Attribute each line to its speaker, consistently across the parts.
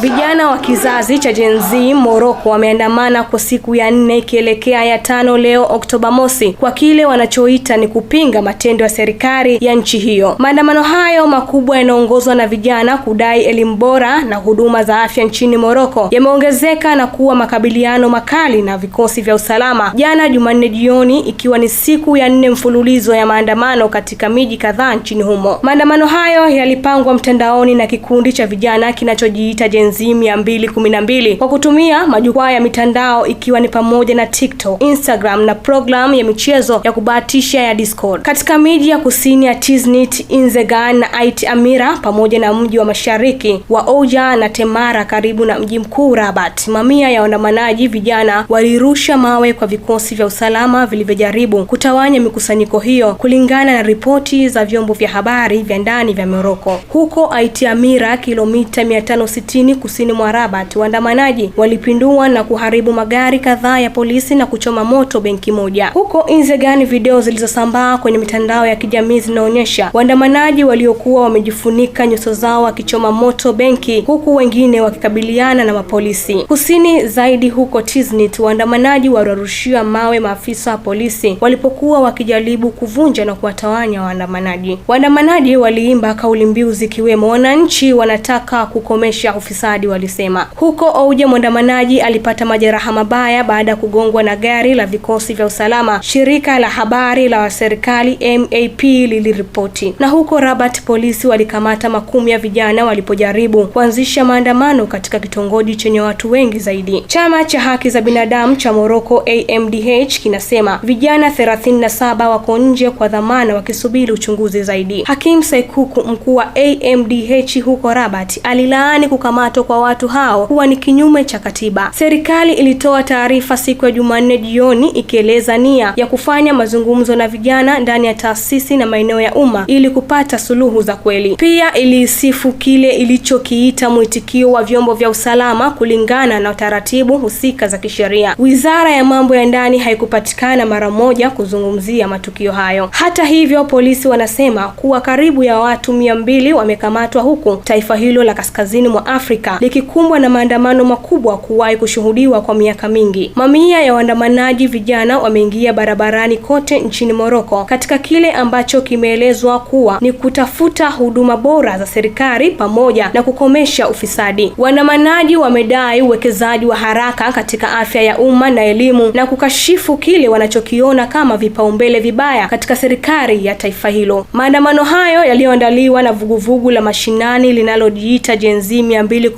Speaker 1: Vijana wa kizazi cha Gen Z Morocco wameandamana kwa siku ya nne ikielekea ya tano leo Oktoba mosi kwa kile wanachoita ni kupinga matendo ya serikali ya nchi hiyo. Maandamano hayo makubwa yanaongozwa na vijana kudai elimu bora na huduma za afya nchini Morocco yameongezeka na kuwa makabiliano makali na vikosi vya usalama jana Jumanne jioni, ikiwa ni siku ya nne mfululizo ya maandamano katika miji kadhaa nchini humo. Maandamano hayo yalipangwa mtandaoni na kikundi cha vijana kinachojiita Gen wapenzi 212 kwa kutumia majukwaa ya mitandao ikiwa ni pamoja na TikTok, Instagram na programu ya michezo ya kubahatisha ya Discord. Katika miji ya kusini ya Tiznit, Inzegan na Ait Amira pamoja na mji wa mashariki wa Oja na Temara karibu na mji mkuu Rabat, mamia ya waandamanaji vijana walirusha mawe kwa vikosi vya usalama vilivyojaribu kutawanya mikusanyiko hiyo, kulingana na ripoti za vyombo vya habari vya ndani vya Moroko. Huko Ait Amira, kilomita 560 kusini mwa Rabat, waandamanaji walipindua na kuharibu magari kadhaa ya polisi na kuchoma moto benki moja. Huko Inzegan, video zilizosambaa kwenye mitandao ya kijamii zinaonyesha waandamanaji waliokuwa wamejifunika nyuso zao wakichoma moto benki huku wengine wakikabiliana na mapolisi. Kusini zaidi huko Tiznit, waandamanaji wararushia mawe maafisa wa polisi walipokuwa wakijaribu kuvunja na kuwatawanya waandamanaji. Waandamanaji waliimba kauli mbiu zikiwemo wananchi wanataka kukomesha ufisadi Saadi walisema. Huko Ouja, mwandamanaji alipata majeraha mabaya baada ya kugongwa na gari la vikosi vya usalama, shirika la habari la serikali MAP liliripoti. Na huko Rabat, polisi walikamata makumi ya vijana walipojaribu kuanzisha maandamano katika kitongoji chenye watu wengi zaidi. Chama cha haki za binadamu cha moroko AMDH kinasema vijana 37 wako nje kwa dhamana wakisubiri uchunguzi zaidi. Hakim Saikuku, mkuu wa AMDH huko Rabat, alilaani kukamata mapato kwa watu hao huwa ni kinyume cha katiba. Serikali ilitoa taarifa siku ya Jumanne jioni ikieleza nia ya kufanya mazungumzo na vijana ndani ya taasisi na maeneo ya umma ili kupata suluhu za kweli. Pia ilisifu kile ilichokiita mwitikio wa vyombo vya usalama kulingana na taratibu husika za kisheria. Wizara ya mambo ya ndani haikupatikana mara moja kuzungumzia matukio hayo. Hata hivyo, polisi wanasema kuwa karibu ya watu mia mbili wamekamatwa huku taifa hilo la kaskazini mwa Afrika Afrika likikumbwa na maandamano makubwa kuwahi kushuhudiwa kwa miaka mingi. Mamia ya waandamanaji vijana wameingia barabarani kote nchini Moroko katika kile ambacho kimeelezwa kuwa ni kutafuta huduma bora za serikali pamoja na kukomesha ufisadi. Waandamanaji wamedai uwekezaji wa haraka katika afya ya umma na elimu na kukashifu kile wanachokiona kama vipaumbele vibaya katika serikali ya taifa hilo. Maandamano hayo yaliyoandaliwa na vuguvugu la mashinani linalojiita Gen Z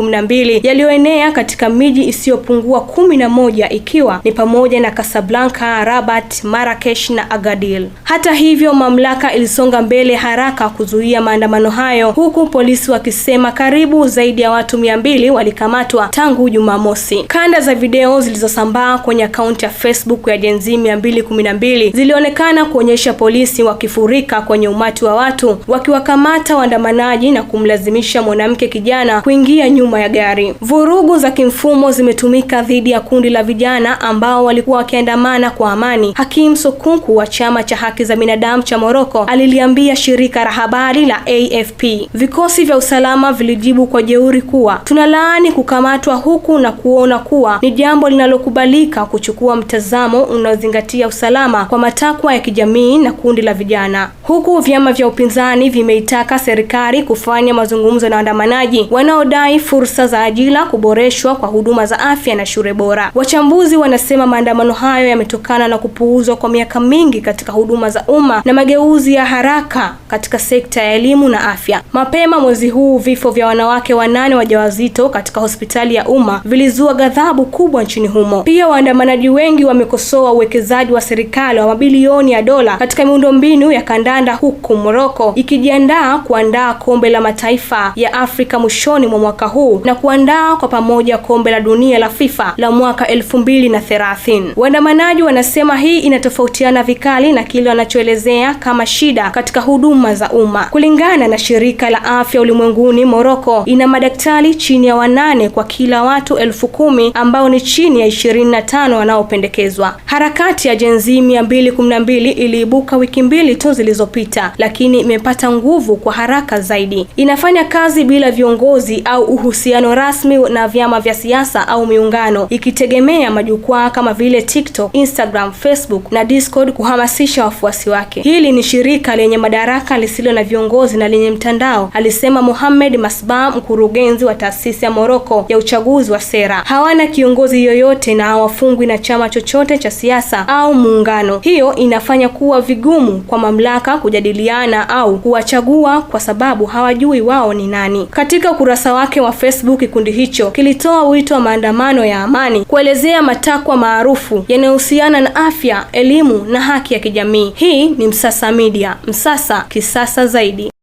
Speaker 1: 12 yaliyoenea katika miji isiyopungua kumi na moja ikiwa ni pamoja na Casablanca, Rabat, Marrakesh na Agadir. Hata hivyo, mamlaka ilisonga mbele haraka kuzuia maandamano hayo huku polisi wakisema karibu zaidi ya watu mia mbili walikamatwa tangu Jumamosi. Kanda za video zilizosambaa kwenye akaunti ya Facebook ya Gen Z 212 zilionekana kuonyesha polisi wakifurika kwenye umati wa watu wakiwakamata waandamanaji na kumlazimisha mwanamke kijana kuingia nyuma nyuma ya gari. Vurugu za kimfumo zimetumika dhidi ya kundi la vijana ambao walikuwa wakiandamana kwa amani. Hakim Sokunku wa chama cha haki za binadamu cha Moroko aliliambia shirika la habari la AFP vikosi vya usalama vilijibu kwa jeuri kuwa tunalaani kukamatwa huku na kuona kuwa ni jambo linalokubalika kuchukua mtazamo unaozingatia usalama kwa matakwa ya kijamii na kundi la vijana, huku vyama vya upinzani vimeitaka serikali kufanya mazungumzo na waandamanaji wanaodai fursa za ajira, kuboreshwa kwa huduma za afya na shule bora. Wachambuzi wanasema maandamano hayo yametokana na kupuuzwa kwa miaka mingi katika huduma za umma na mageuzi ya haraka katika sekta ya elimu na afya. Mapema mwezi huu vifo vya wanawake wanane wajawazito katika hospitali ya umma vilizua ghadhabu kubwa nchini humo. Pia waandamanaji wengi wamekosoa uwekezaji wa serikali wa mabilioni ya dola katika miundombinu ya kandanda, huku Moroko ikijiandaa kuandaa kombe la mataifa ya Afrika mwishoni mwa mwaka huu huu na kuandaa kwa pamoja kombe la dunia la FIFA la mwaka 2030. Waandamanaji wanasema hii inatofautiana vikali na kile wanachoelezea kama shida katika huduma za umma. Kulingana na shirika la afya ulimwenguni, Moroko ina madaktari chini ya wanane kwa kila watu elfu kumi ambao ni chini ya 25 wanaopendekezwa. Harakati ya Jenzi mia mbili iliibuka wiki mbili tu zilizopita, lakini imepata nguvu kwa haraka zaidi. Inafanya kazi bila viongozi au uhu uhusiano rasmi na vyama vya siasa au miungano, ikitegemea majukwaa kama vile TikTok, Instagram, Facebook na Discord kuhamasisha wafuasi wake. Hili ni shirika lenye madaraka lisilo na viongozi na lenye mtandao, alisema Mohamed Masba, mkurugenzi wa taasisi ya Moroko ya uchaguzi wa sera. Hawana kiongozi yoyote na hawafungwi na chama chochote cha siasa au muungano. Hiyo inafanya kuwa vigumu kwa mamlaka kujadiliana au kuwachagua kwa sababu hawajui wao ni nani. Katika ukurasa wake wa Facebook kundi hicho kilitoa wito wa maandamano ya amani kuelezea matakwa maarufu yanayohusiana na afya, elimu na haki ya kijamii. Hii ni Msasa Media, Msasa kisasa zaidi.